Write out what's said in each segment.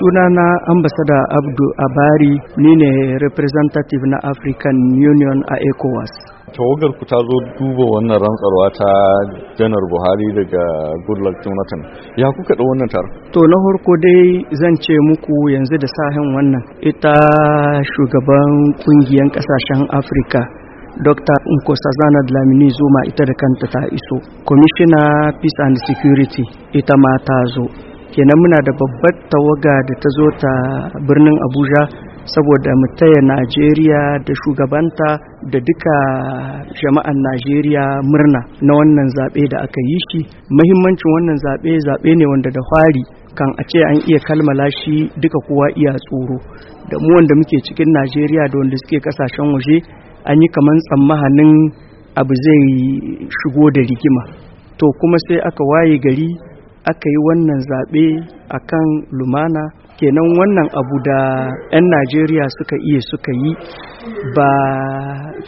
sunana ambasada abdu abari ni ne representative na african union a ecowas tawagar ku ta zo duba wannan rantsarwa ta janar buhari daga goodluck jonathan ya kuka da wannan tar to na harko dai zan ce muku yanzu da sahin wannan ita shugaban kungiyan kasashen afirka dr nkosazana dlamini zuma ita da kanta ta iso Commissioner peace and security ita ma ta zo kenan muna da babbar tawaga da ta zo ta birnin abuja saboda mu taya najeriya da shugabanta da duka jama'an najeriya murna na wannan zaɓe da aka yi shi mahimmancin wannan zaɓe zaɓe ne wanda da hwari kan a ce an iya kalmala shi duka kowa iya tsoro da mu wanda muke cikin najeriya da wanda suke kasashen waje an yi kaman tsammahanin abu zai shigo da rigima to kuma sai aka waye gari aka yi wannan zaɓe a kan lumana kenan wannan abu da 'yan najeriya suka iya suka yi ba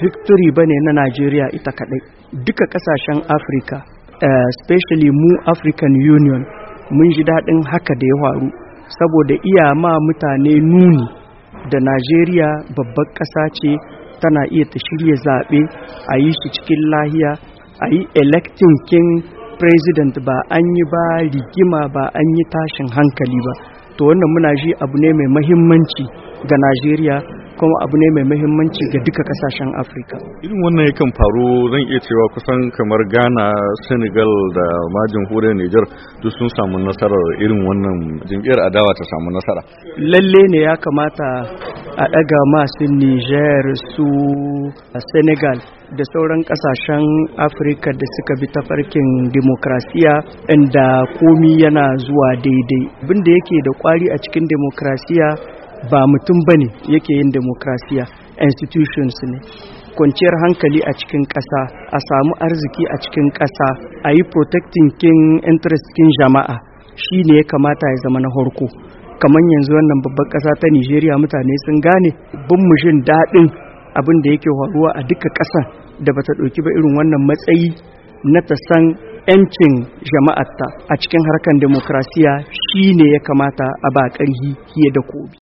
victory ba ne na najeriya ita kaɗai duka ƙasashen afirka eh, especially mu african union mun ji daɗin haka da ya faru saboda iya ma mutane nuni da najeriya babbar ƙasa ce tana iya ta shirya zaɓe a yi shi cikin lahiya a yi electing king president ba an yi ba rigima ba an yi tashin hankali ba to wannan muna ji abu ne mai mahimmanci ga najeriya kuma abu ne mai mahimmanci ga duka kasashen afirka irin wannan yakan faru zan iya cewa kusan kamar ghana senegal da ma jamhuriyar niger duk sun samu nasarar irin wannan jam'iyyar adawa ta samu nasara lalle ne ya kamata a ɗaga masu Niger su Senegal da sauran ƙasashen Afirka da suka bi tafarkin demokrasiya inda komi yana zuwa daidai. Abinda yake da kwari a cikin demokrasiya ba mutum ba ne yake yin demokrasiya, institutions ne. kwanciyar hankali a cikin ƙasa a samu arziki a cikin ƙasa a yi protecting kin interest kin jama'a shi ne ya kamata ya zama na horko kamar yanzu wannan babban ƙasa ta nigeria mutane sun gane bin mushin daɗin abin da yake faruwa a duka ƙasa da bata ɗauki ba irin wannan matsayi na ta san 'yancin jama'arta a cikin harkar demokrasiya ne ya kamata a ba ƙarhi fiye da kobi